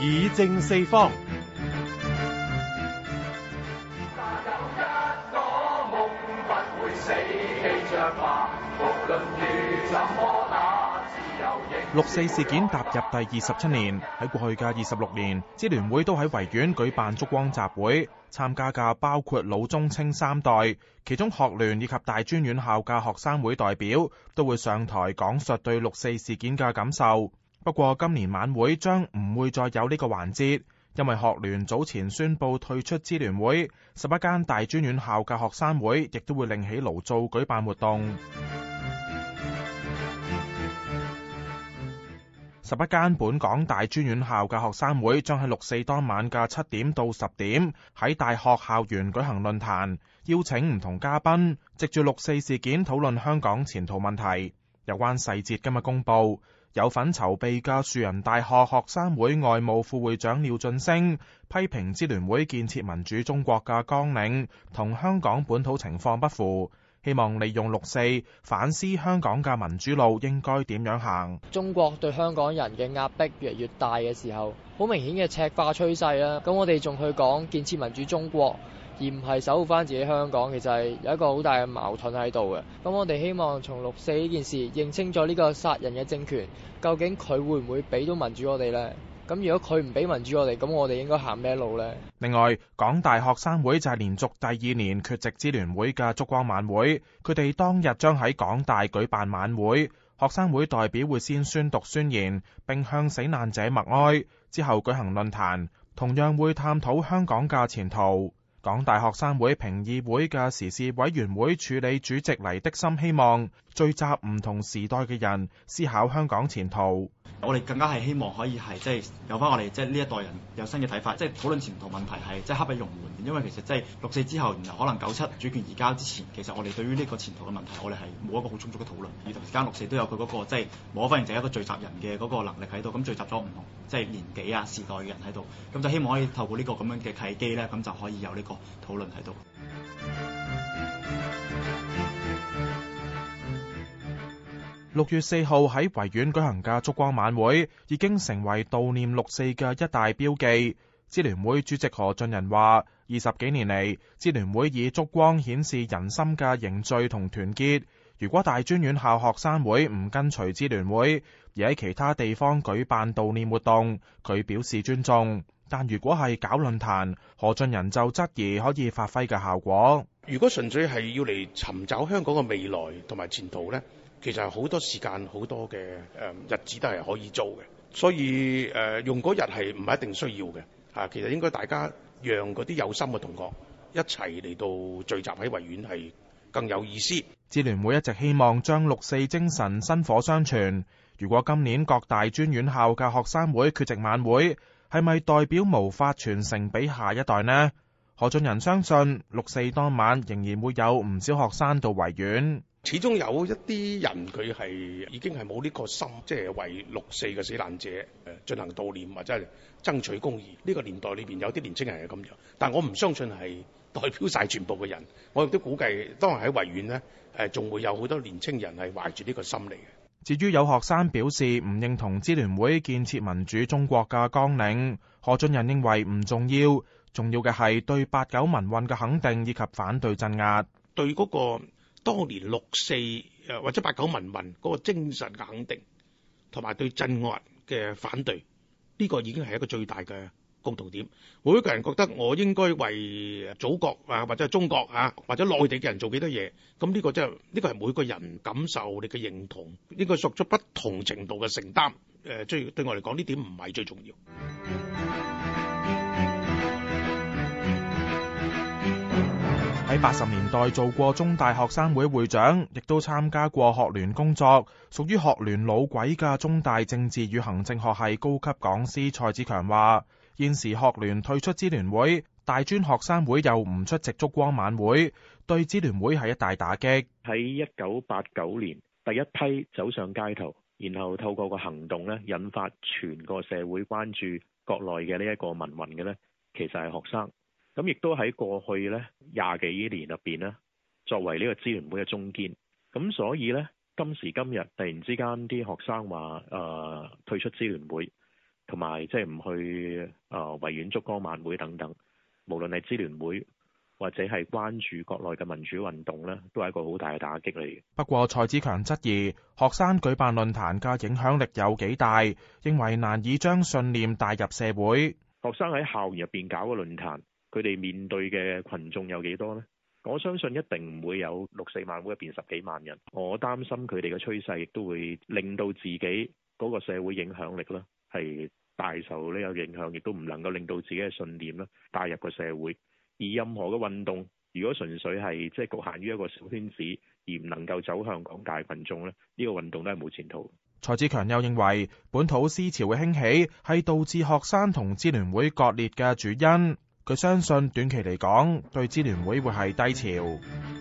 議政四方。六四事件踏入第二十七年，喺過去嘅二十六年，支聯會都喺維園舉辦燭光集會，參加嘅包括老中青三代，其中學聯以及大專院校嘅學生會代表都會上台講述對六四事件嘅感受。不過今年晚會將唔會再有呢個環節，因為學聯早前宣布退出支聯會，十一間大專院校嘅學生會亦都會另起爐灶舉,舉辦活動。 十一間本港大專院校嘅學生會將喺六四當晚嘅七點到十點喺大學校園舉行論壇，邀請唔同嘉賓，藉住六四事件討論香港前途問題。有關細節今日公布。有份籌備嘅樹仁大學學生會外務副會長廖俊升批評支聯會建設民主中國嘅綱領同香港本土情況不符，希望利用六四反思香港嘅民主路應該點樣行。中國對香港人嘅壓迫越嚟越大嘅時候，好明顯嘅赤化趨勢啦，咁我哋仲去講建設民主中國。而唔係守護翻自己香港，其實係有一個好大嘅矛盾喺度嘅。咁我哋希望從六四呢件事認清咗呢個殺人嘅政權，究竟佢會唔會俾到民主我哋呢？咁如果佢唔俾民主我哋，咁我哋應該行咩路呢？另外，港大學生會就係連續第二年缺席支聯會嘅燭光晚會，佢哋當日將喺港大舉辦晚會，學生會代表會先宣讀宣言，並向死難者默哀，之後舉行論壇，同樣會探討香港嘅前途。港大學生會評議會嘅時事委員會處理主席黎德森，希望聚集唔同時代嘅人思考香港前途。我哋更加係希望可以係即係有翻我哋即係呢一代人有新嘅睇法，即係討論前途問題係即係刻不容緩。因為其實即係六四之後，然後可能九七主權移交之前，其實我哋對於呢個前途嘅問題，我哋係冇一個好充足嘅討論。而同時間，六四都有佢、那、嗰個即係摸翻完就是、一個聚集人嘅嗰個能力喺度，咁聚集咗唔同即係、就是、年紀啊、時代嘅人喺度，咁就希望可以透過呢個咁樣嘅契機咧，咁就可以有呢、這個。討論喺度。六月四號喺維園舉行嘅燭光晚會，已經成為悼念六四嘅一大標記。支聯會主席何俊仁話：二十幾年嚟，支聯會以燭光顯示人心嘅凝聚同團結。如果大專院校學生會唔跟隨支聯會，而喺其他地方舉辦悼念活動，佢表示尊重；但如果係搞論壇，何俊仁就質疑可以發揮嘅效果。如果純粹係要嚟尋找香港嘅未來同埋前途咧，其實好多時間好多嘅誒日子都係可以做嘅，所以誒用嗰日係唔係一定需要嘅吓。其實應該大家讓嗰啲有心嘅同學一齊嚟到聚集喺維園係更有意思。支聯會一直希望將六四精神薪火相傳。如果今年各大專院校嘅學生會缺席晚會，係咪代表無法傳承俾下一代呢？何俊仁相信六四當晚仍然會有唔少學生到維園。始終有一啲人佢係已經係冇呢個心，即係為六四嘅死難者誒進行悼念或者係爭取公義。呢個年代裏邊有啲年青人係咁樣，但我唔相信係。代表曬全部嘅人，我亦都估計，當日喺維園呢，誒仲會有好多年青人係懷住呢個心理嘅。至於有學生表示唔認同支聯會建設民主中國嘅綱領，何俊仁認為唔重要，重要嘅係對八九民運嘅肯定以及反對鎮壓。對嗰個當年六四誒或者八九民運嗰個精神嘅肯定，同埋對鎮壓嘅反對，呢個已經係一個最大嘅共同點，每一個人覺得我應該為祖國啊，或者中國啊，或者內地嘅人做幾多嘢？咁、這、呢個即係呢個係每個人感受你嘅認同，應該作出不同程度嘅承擔，誒，即對我嚟講呢點唔係最重要。喺八十年代做過中大學生會會長，亦都參加過學聯工作，屬於學聯老鬼嘅中大政治與行政學系高級講師蔡子強話。現時學聯退出支聯會，大專學生會又唔出席燭光晚會，對支聯會係一大打擊。喺一九八九年第一批走上街頭，然後透過個行動咧，引發全個社會關注國內嘅呢一個民運嘅咧，其實係學生。咁亦都喺過去咧廿幾年入邊咧，作為呢個支聯會嘅中堅。咁所以咧，今時今日突然之間啲學生話誒、呃、退出支聯會。同埋，即係唔去啊，維園燭光晚會等等，無論係支聯會或者係關注國內嘅民主運動咧，都係一個好大嘅打擊嚟嘅。不過蔡子強質疑學生舉辦論壇嘅影響力有幾大，認為難以將信念帶入社會，學生喺校園入邊搞個論壇，佢哋面對嘅群眾有幾多咧？我相信一定唔會有六四晚會入邊十幾萬人。我擔心佢哋嘅趨勢亦都會令到自己嗰個社會影響力啦。係大受呢個影響，亦都唔能夠令到自己嘅信念咧帶入個社會。而任何嘅運動，如果純粹係即係局限於一個小圈子，而唔能夠走向廣大群眾咧，呢個運動都係冇前途。蔡志強又認為本土思潮嘅興起係導致學生同支聯會割裂嘅主因。佢相信短期嚟講，對支聯會會係低潮。